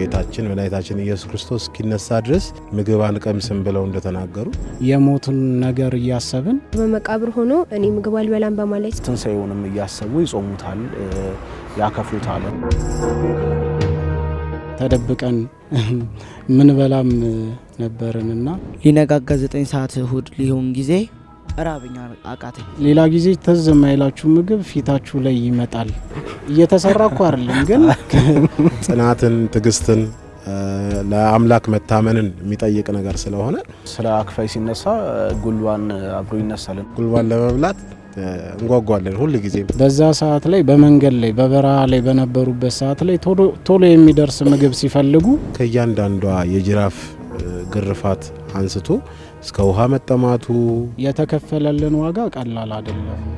ጌታችን መድኃኒታችን ኢየሱስ ክርስቶስ እስኪነሳ ድረስ ምግብ አንቀምስም ብለው እንደተናገሩ የሞቱን ነገር እያሰብን በመቃብር ሆኖ እኔ ምግብ አልበላም በማለት ትንሣኤውንም እያሰቡ ይጾሙታል፣ ያከፍሉታል። ተደብቀን ምን በላም ነበርንና ሊነጋጋ ዘጠኝ ሰዓት እሁድ ሊሆን ጊዜ ራብኛ አቃተኝ። ሌላ ጊዜ ተዝ የማይላችሁ ምግብ ፊታችሁ ላይ ይመጣል። እየተሰራ እኮ አይደለም ግን ጽናትን፣ ትግስትን ለአምላክ መታመንን የሚጠይቅ ነገር ስለሆነ ስለ አክፋይ ሲነሳ ጉልባን አብሮ ይነሳልን። ጉልባን ለመብላት እንጓጓለን ሁል ጊዜ። በዛ ሰዓት ላይ በመንገድ ላይ በበረሃ ላይ በነበሩበት ሰዓት ላይ ቶሎ የሚደርስ ምግብ ሲፈልጉ ከእያንዳንዷ የጅራፍ ግርፋት አንስቶ እስከ ውሃ መጠማቱ የተከፈለልን ዋጋ ቀላል አይደለም።